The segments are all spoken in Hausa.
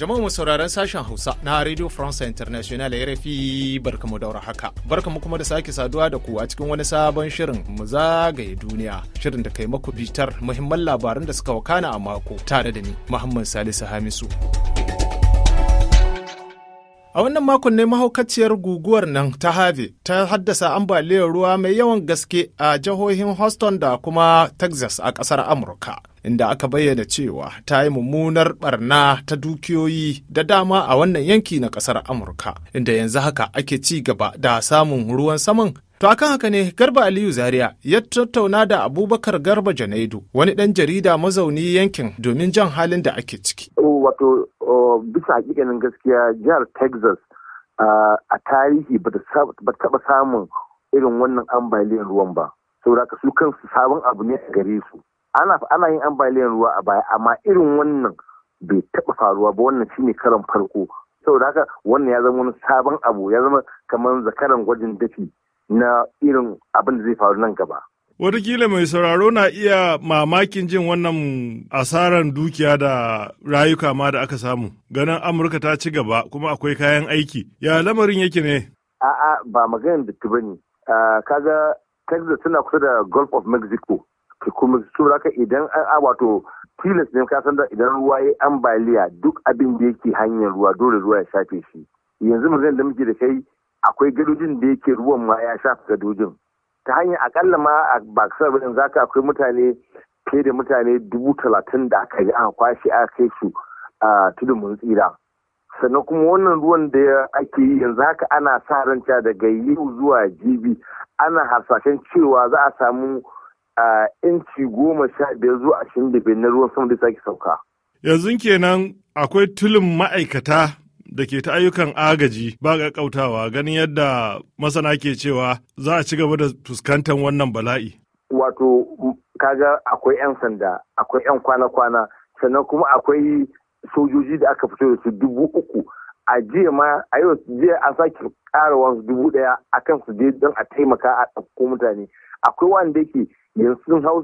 Jama'a mu sauraron sashen Hausa na Radio France International ya RFI mu daura haka. barka mu kuma da sake saduwa da ku a cikin wani sabon shirin mu zagaye duniya. Shirin da kai maku bitar muhimman labaran da suka wakana a mako tare da ni Muhammad Salisu Hamisu. A wannan makon ne mahaukaciyar guguwar nan ta Harvey ta haddasa ambaliyar ruwa mai yawan gaske a jihohin Houston da kuma Texas a ƙasar Amurka, inda aka bayyana cewa ta yi mummunar barna ta dukiyoyi da dama a wannan yanki na ƙasar Amurka, inda yanzu haka ake ci gaba da samun ruwan saman To akan haka ne Garba Aliyu Zaria ya tattauna da Abubakar Garba Janaidu wani ɗan jarida mazauni yankin domin jan halin da ake ciki. Wato bisa hakikanin gaskiya jihar Texas a tarihi ba taɓa samun irin wannan ambaliyar ruwan ba. Saboda su kansu sabon abu ne a gare su. Ana ana yin ambaliyar ruwa a baya amma irin wannan bai taɓa faruwa ba wannan shine karan farko. Saboda haka wannan ya zama wani sabon abu ya zama kamar zakaran gwajin dafi na irin abin da zai faru nan gaba. Watakila mai sauraro na iya mamakin jin wannan asaran dukiya da rayuka ma da aka samu. Ganin Amurka ta ci gaba kuma akwai kayan aiki. Ya lamarin yake ne? A'a ba maganin da ba ne. Ah, kaga Texas tana kusa da Gulf of Mexico. Kuma su raka idan an wato tilas ne kasan da idan ruwa ya ambaliya duk abin da yake hanyar ruwa dole ruwa ya shafe shi. Yanzu maganin da muke da kai akwai gadojin da yake ruwan ma ya shafa gadojin ta hanyar akalla ma a baksar birnin zaka akwai mutane ke da mutane dubu talatin da aka yi an kwashe a kai su a tudun mun tsira sannan kuma wannan ruwan da ake yi yanzu haka ana sa ranca daga yau zuwa jibi ana hasashen cewa za a samu inci goma sha biyar zuwa ashirin da biyar na ruwan sama da sake sauka yanzu kenan akwai tulin ma'aikata da ke ta ayyukan agaji ba ƙaƙƙautawa ganin yadda masana ke cewa za a ci gaba da fuskantar wannan bala'i. Wato kaga akwai 'yan sanda, akwai 'yan kwana-kwana, sannan kuma akwai sojoji da aka fito da su dubu uku. A jiya ma a yau jiya an sake ƙara wasu dubu ɗaya a kan su je don a taimaka a ɗauko mutane. Akwai wanda yake yanzu sun hau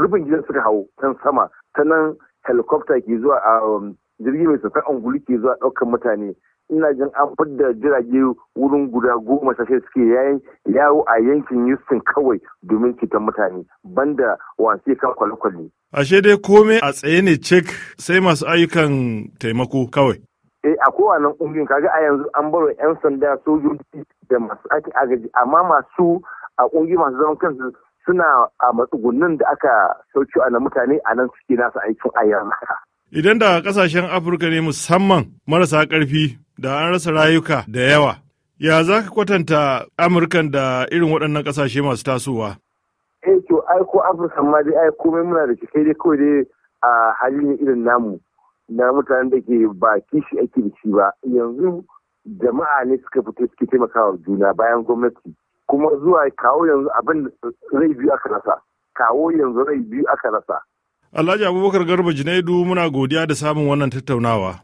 rufin gidan suka hau kan sama sannan helicopter ke zuwa a um, jirgi mai sassan angulu ke zuwa ɗaukar mutane ina jin an fadda jirage wurin guda goma sashe suke yayin yawo a yankin Houston kawai domin cutar mutane banda wasi kan kwale-kwale. Ashe dai kome a tsaye ne cek sai masu ayyukan taimako kawai. Eh a kowane ƙungiyoyin kaga a yanzu an baro 'yan sanda sojoji da masu ake agaji amma masu a ƙungiyoyi masu zaman kansu suna a matsugunin da aka sauki a na mutane a nan suke nasu aikin a yanzu Idan da kasashen Afirka ne musamman marasa ƙarfi da an rasa rayuka da yawa, ya za ka kwatanta Amurkan da irin waɗannan ƙasashe masu tasowa? Eh to ai ko Afirka ma dai ai komai muna da kai dai kawai dai a hali ne irin namu na mutanen da ke ba kishi ake da shi ba yanzu jama'a ne suka fito suke taimakawa juna bayan gwamnati kuma zuwa kawo yanzu abin rai biyu aka rasa kawo yanzu rai biyu aka rasa Alhaji Abubakar Garba Junaidu muna godiya da samun wannan tattaunawa.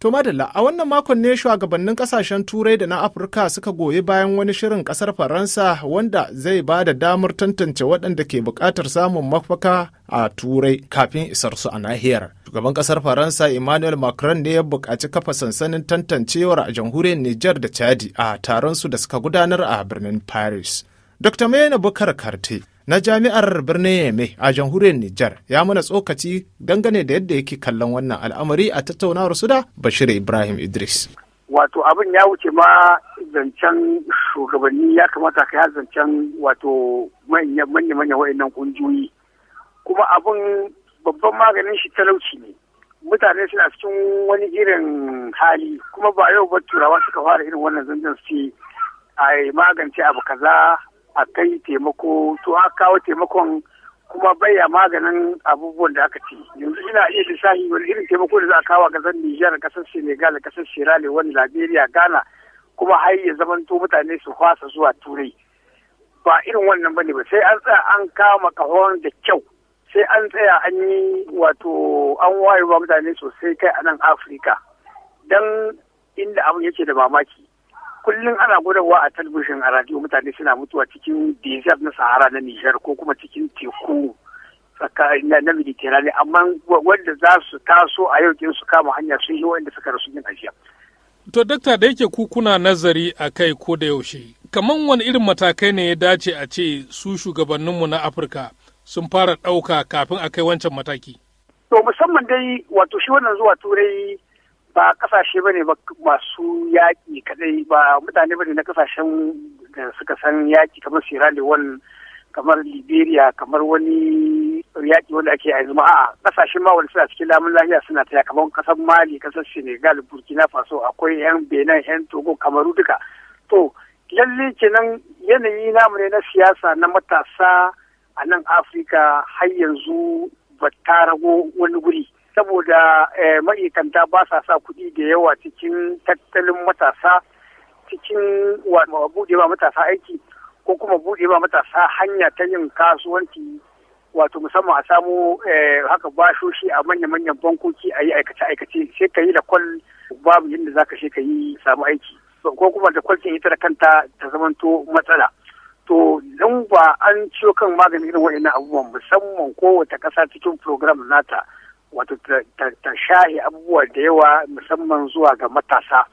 To madalla a wannan makon ne shugabannin kasashen turai da na Afirka suka goyi bayan wani shirin kasar Faransa wanda zai ba da damar tantance waɗanda ke buƙatar samun mafaka a turai kafin isar su a nahiyar. Shugaban kasar Faransa Emmanuel Macron ne ya buƙaci kafa sansanin tantancewar a jamhuriyar Nijar da Chadi a taron su da suka gudanar a birnin Paris. Dr. Maina Bukar Karte na jami'ar birnin yame a jamhuriyar Nijar ya mana tsokaci dangane da yadda yake kallon wannan al'amari a tattaunawar su da Bashir Ibrahim Idris. Wato abin ya wuce ma zancen shugabanni ya kamata ka zancen wato manya-manya wa'annan kungiyoyi kuma abin babban maganin shi talauci ne. Mutane suna cikin wani irin hali kuma ba yau ba turawa suka fara irin wannan zancen su ce a magance abu kaza a kai taimako to a kawo taimakon kuma baya maganin abubuwan da aka ci yanzu ina iya lissafi wani irin taimako da za a kawo a kasar Nijar kasar Senegal kasar Sierra Leone Liberia Ghana kuma har ya zamanto mutane su fasa zuwa turai ba irin wannan bane ba sai an tsaya an kama kahon da kyau sai an tsaya an yi wato an wayewa mutane sosai kai a nan Afirka dan inda abin yake da mamaki kullum ana gudarwa a talabijin a radio mutane suna mutuwa cikin desert na sahara na nijar ko kuma cikin teku na mediterranean amma wanda za su taso a yau su kama hanya sun yi wanda suka rasu yin ajiya. to dakta da yake ku kuna nazari a kai ko da yaushe kaman wani irin matakai ne ya dace a ce su shugabanninmu na afirka sun fara ɗauka kafin a kai wancan mataki. to musamman dai wato shi wannan zuwa turai ba kasashe bane ba masu yaƙi kadai ba mutane bane na kasashen da suka san yaƙi kamar Sierra Leone kamar Liberia kamar wani yaƙi wanda ake yanzu ma a kasashen ma wanda suna cikin lamun lafiya suna taya kamar kasar Mali kasar Senegal Burkina Faso akwai yan Benin yan Togo Kamaru duka to lalle kenan yanayi namu ne na siyasa na matasa a nan Afirka har yanzu ba ta rago wani guri saboda eh, ma'aikanta ba sa sa kuɗi da yawa cikin tattalin matasa cikin buɗe ba matasa aiki ko kuma buɗe ba matasa hanya ta yin kasuwanci wato musamman a samu eh, haka bashoshi a manya-manyan bankoki a yi aikace-aikace sai ka yi da kwal babu yadda za ka shi ka yi samu aiki ko kuma da kwalcin ita da kanta ta zamanto matsala to don ba an ciwo kan maganin irin waɗannan abubuwan musamman kowace ƙasa cikin program nata wato ta shahi abubuwa da yawa musamman zuwa ga matasa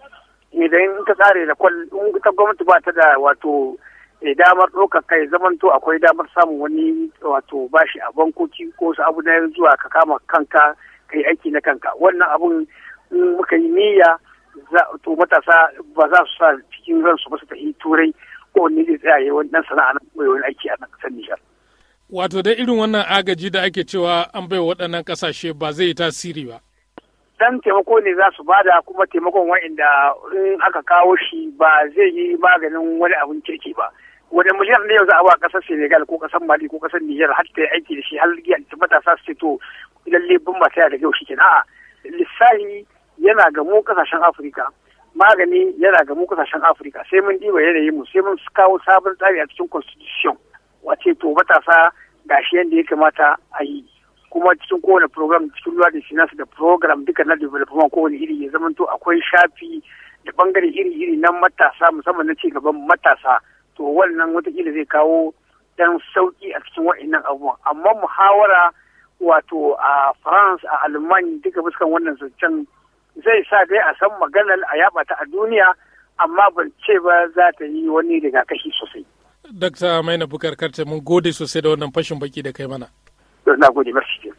idan ta tsare da kwal in ta gwamnati ba ta da wato eh, damar ɗaukar kai zamanto akwai damar samun wani wato bashi a bankoki ko su abu na zuwa ka kama kanka kai aiki na kanka wannan abun in muka yi niyya to matasa ba za su sa cikin ransu ba su tafi turai ko ni zai tsaya yi wani sana'a na wani aiki a nan ƙasar Nijar. Wato da irin wannan agaji da ake cewa an bai waɗannan ƙasashe ba zai yi tasiri ba. Dan taimako ne za su bada kuma taimakon wa'inda in aka kawo shi ba zai yi maganin wani abin kirki ba. wani miliyan ne yau za a ba kasar senegal ko kasar mali ko kasar nijar har ta aiki da shi har ta matasa su ce to lalle bin ba da yau shi a'a lissahi yana ga mu kasashen afirka magani yana ga mu kasashen afirka sai mun diba yanayin mu sai mun kawo sabon tsari a cikin constitution wace to matasa gashi yadda ya kamata a yi kuma cikin kowane program cikin ruwa da finance da program duka na development kowane iri ya zamanto akwai shafi da bangare iri-iri na matasa musamman na ci gaban matasa to wannan watakila zai kawo dan sauki a cikin wa'annan abubuwan amma muhawara wato a france a alman duka fuskan wannan zancen zai sa dai a san maganar a yaba ta a duniya amma ban ce ba za ta yi wani rigakafi sosai Dakta Maina Bukar Karce mun gode sosai da wannan fashin baki da kai mana. Na gode merci.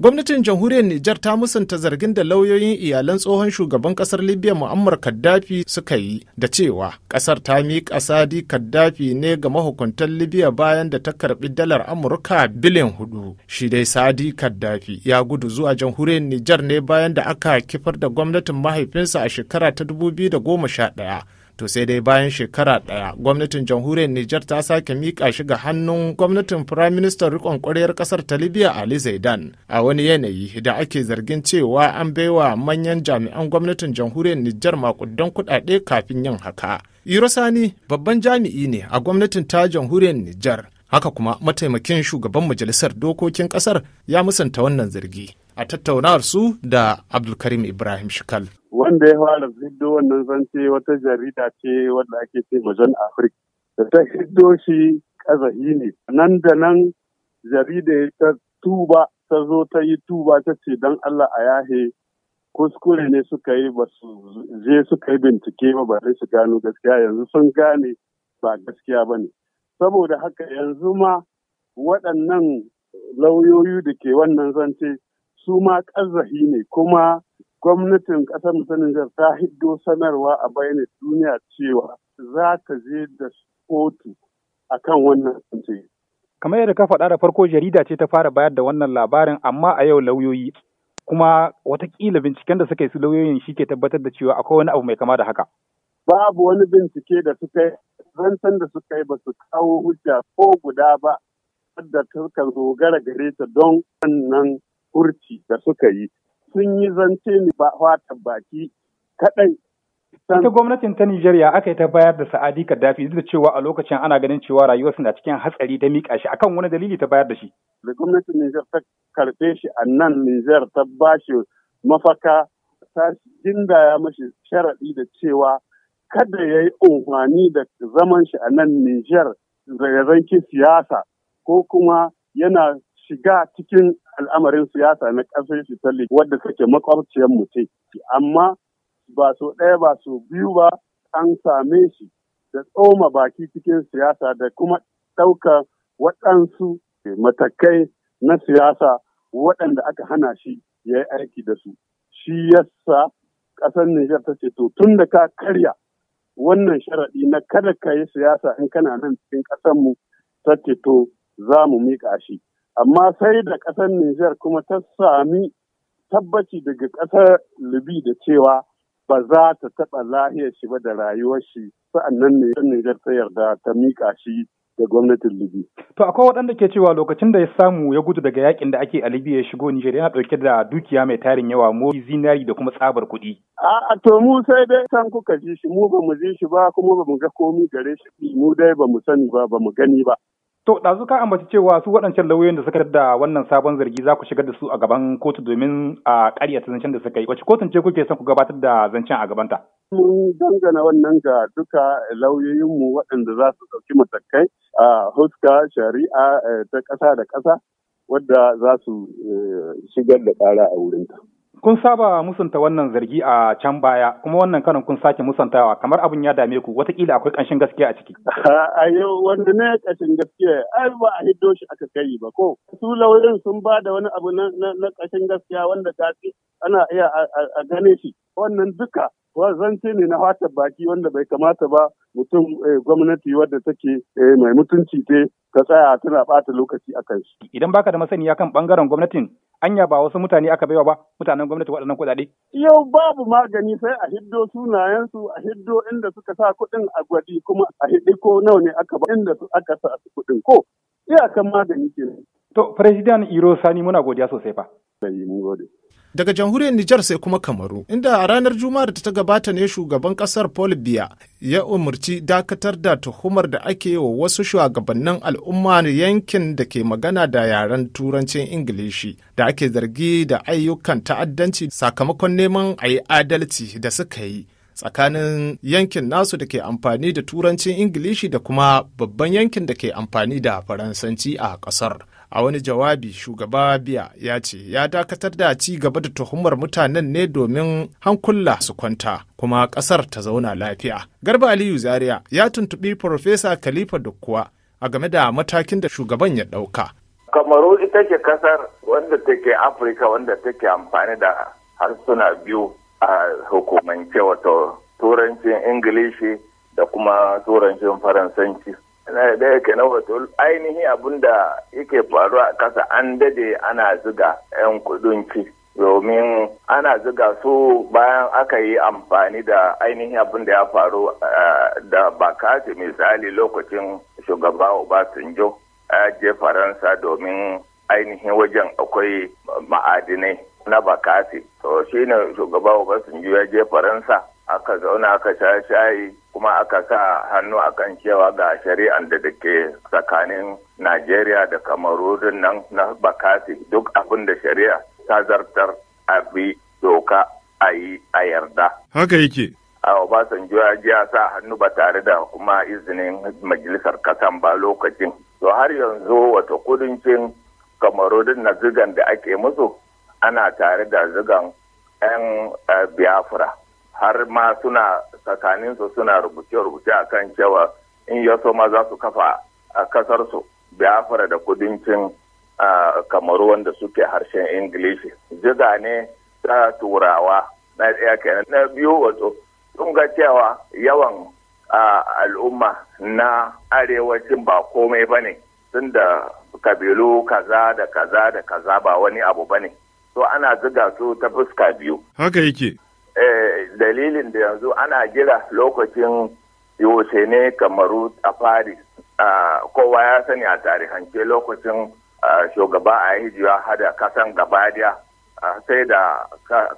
Gwamnatin jamhuriyar Nijar ta musanta zargin da lauyoyin iyalan tsohon shugaban kasar Libya Muammar Kaddafi suka yi da cewa kasar ta miƙa Sadi Kaddafi ne ga mahukuntan Libya bayan da ta karɓi dalar Amurka biliyan hudu. Shi dai Sadi Kaddafi ya gudu zuwa jamhuriyar Nijar ne bayan da aka kifar da gwamnatin mahaifinsa a shekara ta 2011. to sai dai bayan shekara ɗaya gwamnatin jamhuriyar Nijar ta sake miƙa shi ga hannun gwamnatin firaministan rikon ƙwaryar ƙasar ta Libya Ali Zaidan a wani yanayi da ake zargin cewa an baiwa manyan jami'an gwamnatin jamhuriyar Nijar makudan kuɗaɗe kafin yin haka. Irosani babban jami'i ne a gwamnatin ta jamhuriyar Nijar. Haka kuma mataimakin shugaban majalisar dokokin ƙasar ya musanta wannan zargi a tattaunawar su da Abdulkarim Ibrahim Shikal. wanda ya fara hiddo wannan zance wata jarida ce wadda ake ce majan afirka da ta hiddo shi kazahi ne nan da nan jarida ta tuba ta zo ta yi tuba ta ce don allah a yahe kuskure ne suka yi ba su je suka yi bincike ba ba su gano gaskiya yanzu sun gane ba gaskiya ba ne saboda haka yanzu ma waɗannan lauyoyi da ke wannan zance su ma kazahi ne kuma gwamnatin ƙasar Senegal ta hiddo sanarwa a bayanin duniya cewa za ta je da kotu a kan wannan zance. Kamar yadda ka faɗa da farko jarida ce ta fara bayar da wannan labarin amma a yau lauyoyi kuma watakila binciken da suka yi su lauyoyin shi ke tabbatar da cewa akwai wani abu mai kama da haka. Babu wani bincike da suka yi zancen da suka yi ba su kawo hujja ko guda ba wadda ta dogara gare ta don wannan kurci da suka yi. sun yi zance ne ba baki kaɗai. Ita gwamnatin ta Nijeriya aka yi ta bayar da Sa'adi Kaddafi duk da cewa a lokacin ana ganin cewa rayuwar suna cikin hatsari ta mika shi akan wani dalili ta bayar da shi. Da gwamnatin Nijar ta karbe shi a nan Nijar ta bashi mafaka ta ya mashi sharaɗi da cewa kada ya yi da zaman shi a nan Nijar da siyasa ko kuma yana shiga cikin al'amarin siyasa na ƙasar Italy wadda suke makwabciyar mu ce. Amma ba so ɗaya ba so biyu ba an same shi da tsoma baki cikin siyasa da kuma ɗaukar waɗansu matakai na siyasa waɗanda aka hana shi ya yi aiki da su. Shi yasa ƙasar Nijar ta ce to tun da ka karya wannan sharaɗi na kada ka yi siyasa in kana nan cikin ƙasarmu ta ce to za mu miƙa shi. amma sai da ƙasar Nijar kuma ta sami tabbaci daga ƙasar Libi da cewa ba za ta taɓa lahiyar shi ba da rayuwar shi sa'annan ne Nijar ta yarda ta miƙa shi da gwamnatin Libi. To akwai waɗanda ke cewa lokacin da ya samu ya gudu daga yakin da ake a Libya ya shigo Nijar yana ɗauke da dukiya mai tarin yawa mu zinari da kuma tsabar kuɗi. A'a to mu sai dai san kuka ji shi mu ba mu ji shi ba kuma ba mu ga komi gare shi mu dai ba mu sani ba ba mu gani ba. To, ɗazu ka ambaci cewa su waɗancan lauyoyin da suka da wannan sabon zargi za ku shigar da su a gaban kotu domin a ƙaryata zancen da suka yi. Wace kotun ce kuke son ku gabatar da zancen a gabanta? Mun dangana wannan ga duka lauyoyinmu waɗanda za su ɗauki matakai a huska shari'a eh, ta ƙasa da ƙasa wadda za su eh, shigar da ƙara a wurinta. Kun saba musanta wannan zargi a can baya kuma wannan karin kun sake musantawa kamar abin ya dame ku watakila akwai ƙanshin gaskiya a ciki. A yau wanda ne ƙanshin gaskiya ai ba a hiddo shi aka kai ba ko. Su laurin sun ba da wani abu na ƙanshin gaskiya wanda ta ana iya a gane shi. Wannan duka zance ne na hata baki wanda bai kamata ba mutum eh, gwamnati wadda take eh, mai mutunci ta tsaya tana ɓata lokaci a kan shi. Idan baka da masaniya kan ɓangaren gwamnatin anya ba wasu mutane aka baiwa ba mutanen gwamnati waɗannan kuɗaɗe. Yau babu magani sai a hiddo sunayensu a hiddo inda suka sa kuɗin a gwadi kuma a hiddi ko nawa ne aka ba inda su aka sa su kuɗin ko iyakan magani ke. To, Firesidan Iro Sani muna godiya sosai fa. Mun gode. Daga jamhuriyar Nijar sai kuma Kamaru, inda a ranar Juma'ar da ta gabata ne shugaban kasar Paul Biya ya umarci dakatar da tuhumar da ake wa wasu shugabannin al'umma na yankin da ke magana da yaren turancin Ingilishi da ake zargi da ayyukan ta'addanci sakamakon neman a yi adalci da suka yi. tsakanin yankin nasu da ke amfani da turancin ingilishi da kuma babban yankin da ke amfani da faransanci a ƙasar a wani jawabi shugaba biya ya ce ya dakatar da ci gaba da tuhumar mutanen ne domin hankula su kwanta kuma kasar ta zauna lafiya garba aliyu zaria ya tuntubi farfesa khalifa dukkuwa a game da matakin da shugaban ya ɗauka kamaru ita ke kasar wanda take afirka wanda take amfani da harsuna biyu a hukumance wato turancin ingilishi da kuma turancin faransanci na ke kenan wato ainihin abin da yake faru a kasa an dade ana zuga 'yan kudunci domin ana ziga su bayan aka yi amfani da ainihin abin da ya faru eh, da bakati misali lokacin shugaba obasanjo je faransa domin ainihin wajen akwai ma'adinai na bakati to shine shugaba obasanjo ya je faransa aka zauna aka sha shayi kuma aka sa hannu a kan cewa ga shari'an da da ke tsakanin najeriya da kamarudin nan na bakasi duk abin da shari'a ta zartar a bi doka a yi a yarda haka yake a obasanjo ya ji ya sa hannu ba tare da kuma izinin majalisar kasan ba lokacin to har yanzu wata kudincin kamarudin na zigan da ake musu ana tare da zigan 'yan eh, biafra har ma suna tsakaninsu suna rubuce-rubuce a kan cewa in ya so ma za su kafa a kasarsu biafra da kudincin kamaru wanda suke harshen ingilishi jiga ne ta turawa na ɗaya kenan na biyu wato sun ga cewa yawan al'umma na arewacin ba komai ba ne sun da kabilu kaza da kaza da kaza ba wani abu ba ne so ana ziga su ta fuska biyu haka yake Eh, dalilin da yanzu ana jira lokacin ne kamaru a paris ah, kowa ya sani a tarihance lokacin ah, shugaba a hijiya hada kasan gabadiya ah, sai da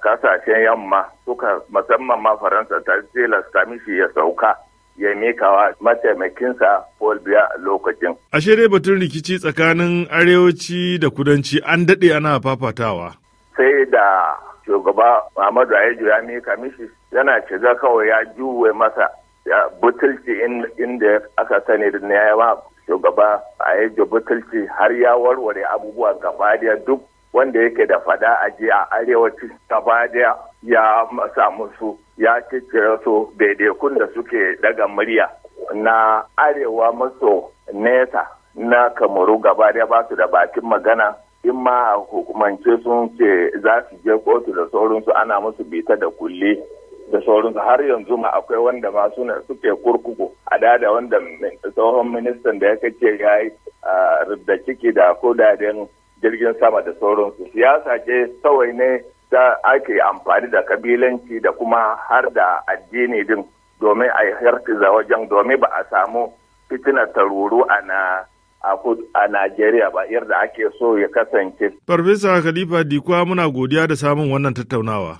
kasashen yamma suka musamman ma faransa ta tilasta mishi ya sauka ya mikawa mataimakinsa Paul Biya lokacin. A dai batun rikici tsakanin arewaci da kudanci an daɗe ana fafatawa. Sai da shugaba Muhammadu Ayidu ya mika mishi yana shiga kawai ya juwe masa ya butulci inda aka sani da ya shugaba Ayidu butulci har ya warware abubuwa gaba duk wanda yake da fada a je a arewacin gaba ya samu su ya ciccire su daidaikun da suke daga murya na arewa maso nesa na kamaru gaba daya ba su da bakin magana in ma a hukumance sun ce za su je kotu da sauransu ana musu bita da kulle da sauransu har yanzu ma akwai wanda ma suna suke kurkuku a dada wanda tsohon ministan da ya kace ya yi rubda ciki da kodaden jirgin sama da sauransu siyasa ce kawai ne ta ake amfani da kabilanci da kuma har da addini din domin a harkiza wajen domin ba a samu fitinar taruru a na a Najeriya ba yadda ake so ya kasance. Farfesa Khalifa Dikwa muna godiya da samun wannan tattaunawa.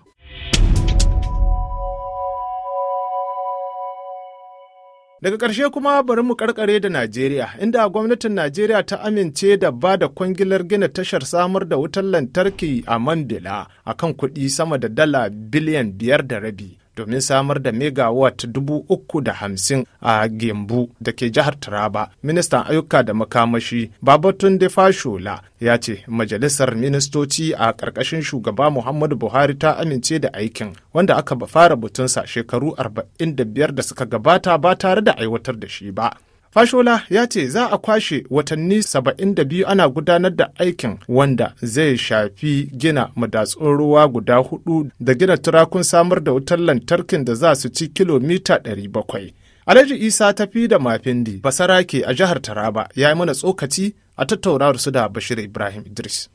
Daga ƙarshe kuma bari mu karkare da Najeriya, inda gwamnatin Najeriya ta amince da ba da kwangilar gina tashar samar da wutar lantarki a Mandela a kan kuɗi sama da dala biliyan biyar da rabi. domin samar da megawatt dubu uku da hamsin a gembu da ke jihar taraba ministan ayyuka da makamashi babatun fashola ya ce majalisar ministoci a ƙarƙashin shugaba muhammadu buhari ta amince da aikin wanda aka fara butunsa shekaru arba'in da biyar da suka gabata ba tare da aiwatar da shi ba Fashola ya ce za a kwashe watanni 72 ana gudanar da aikin wanda zai shafi gina madatsun ruwa guda hudu da gina turakun samar da wutar lantarkin da za su ci kilomita 700. Alhaji Isa ta fi da Mafindi Basarake a jihar Taraba ya yi mana tsokaci a tattaunawar su da Bashir Ibrahim Idris.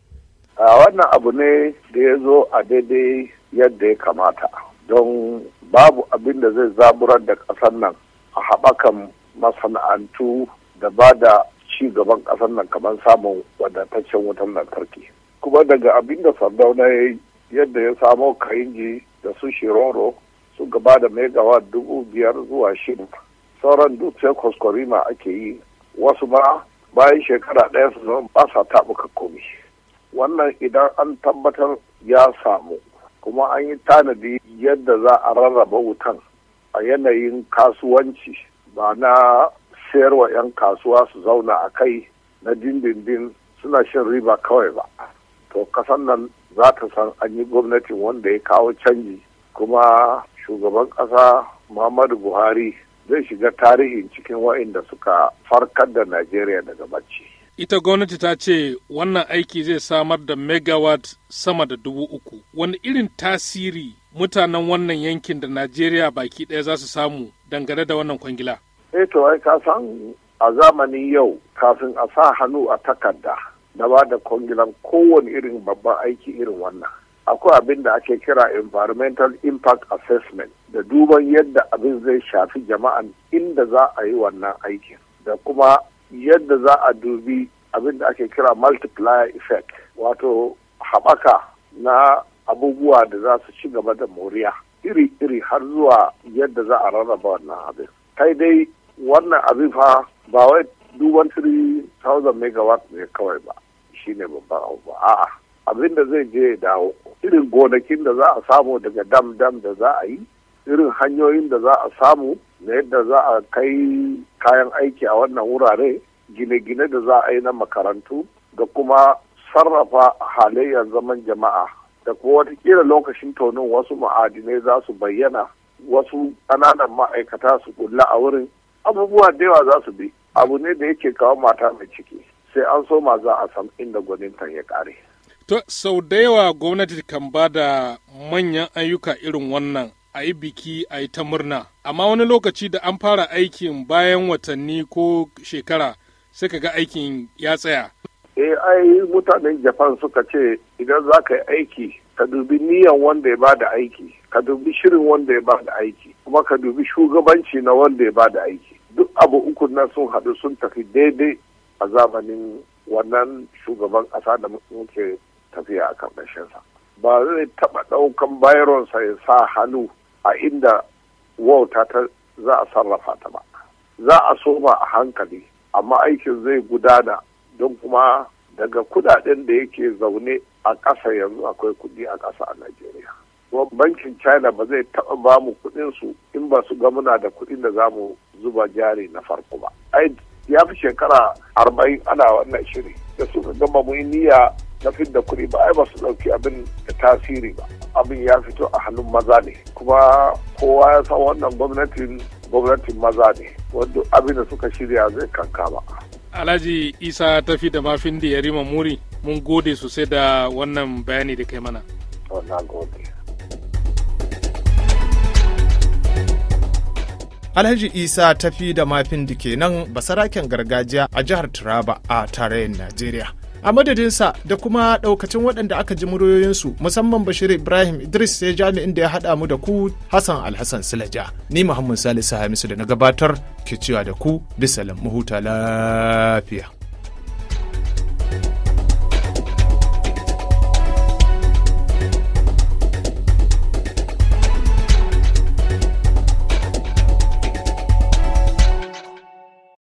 Wannan abu ne da ya zo a daidai yadda ya kamata don babu abin da zai zaburar da ƙasar nan a haɓakan masana'antu da ba da ci gaban ƙasar nan kamar samun wadataccen wutan lantarki kuma daga abin da sardauna ya yi yadda ya samo kayinji da su shiroro su gaba da megawa dubu biyar zuwa shida sauran duk sai kwaskwarima ake yi wasu ma bayan shekara ɗaya su zama ba sa ka komi wannan idan an tabbatar ya samu kuma an yi tanadi yadda za a rarraba wutan a yanayin kasuwanci ba na sayarwa 'yan kasuwa su zauna a kai na dindindin suna shan riba kawai ba to kasan nan za ta san an yi gwamnatin wanda ya kawo canji kuma shugaban ƙasa muhammadu buhari zai shiga tarihin cikin wa'inda suka farkar da najeriya daga bacci ita gwamnati ta ce wannan aiki zai samar da megawatt sama da dubu uku wani irin tasiri mutanen wannan yankin da najeriya baki ɗaya za su samu dangane da wannan kwangila eh to ai ka san a zamanin yau kafin a sa hannu a takarda na ba da kwangilan kowane irin babban aiki irin wannan akwai abin da ake kira environmental impact assessment da duban yadda abin zai shafi jama'an inda za a yi wannan aikin da kuma yadda za a dubi abin da ake kira multiplier effect wato haɓaka na abubuwa da za su ci gaba da moriya iri-iri har zuwa yadda za a rarraba wannan abin kai dai wannan abin fa ba wai duban 3000 megawatt ne kawai ba shi ne babban abu ba a'a abin da zai je dawo irin gonakin da za a samu daga dam dam da za a yi irin hanyoyin da za a samu na yadda za a kai kayan aiki a wannan wurare gine-gine da za a yi na makarantu da kuma sarrafa halayyar zaman jama'a da kuma watakila lokacin tonin wasu ma'adinai za su bayyana wasu ƙananan ma'aikata su kulla a wurin abubuwa da yawa za su bi abu ne da yake kawo mata mai ciki sai an so ma za a san inda gwaninta ya ƙare. To sau da yawa gwamnati kan ba da manyan ayyuka irin wannan a yi biki a yi ta murna amma wani lokaci da an fara aikin bayan watanni ko shekara sai ka ga aikin ya tsaya. Eh ai mutanen Japan suka ce idan za ka yi aiki ka dubi niyan wanda ya ba da aiki ka dubi shirin wanda ya ba da aiki kuma ka dubi shugabanci na wanda ya ba da aiki duk abu uku na sun haɗu sun tafi daidai a zamanin wannan shugaban ƙasa da muke tafiya a kan sa ba zai taɓa ɗaukan bayronsa ya sa hannu a inda wauta ta za a sarrafa ta ba za a soma a hankali amma aikin zai gudana don kuma daga kudaden da yake zaune a ƙasa yanzu akwai kuɗi a ƙasa a Najeriya. Kuma bankin China ba zai taɓa ba mu kuɗin su in ba su ga muna da kuɗin da za mu zuba jari na farko ba. Ai ya fi shekara arba'in ana wannan shiri da su suka gama mu niyya na fit da kuɗi ba ai ba su ɗauki abin da tasiri ba. Abin ya fito a hannun maza ne kuma kowa ya san wannan gwamnatin gwamnatin maza ne wanda abin da suka shirya zai kankama. Alhaji Isa tafi da mafin da ya rima muri. mun gode sosai da wannan bayani da kai mana Alhaji Isa tafi da mafin da ke nan basaraken gargajiya a jihar turaba a tarayyar Najeriya. A madadinsa da kuma ɗaukacin waɗanda aka ji muryoyinsu musamman Bashir Ibrahim Idris sai jami'in da ya haɗa mu da ku Hassan Alhassan Silaja. Ni Muhammad Salisu Hamisu da na gabatar ke cewa da ku bisa mahuta lafiya.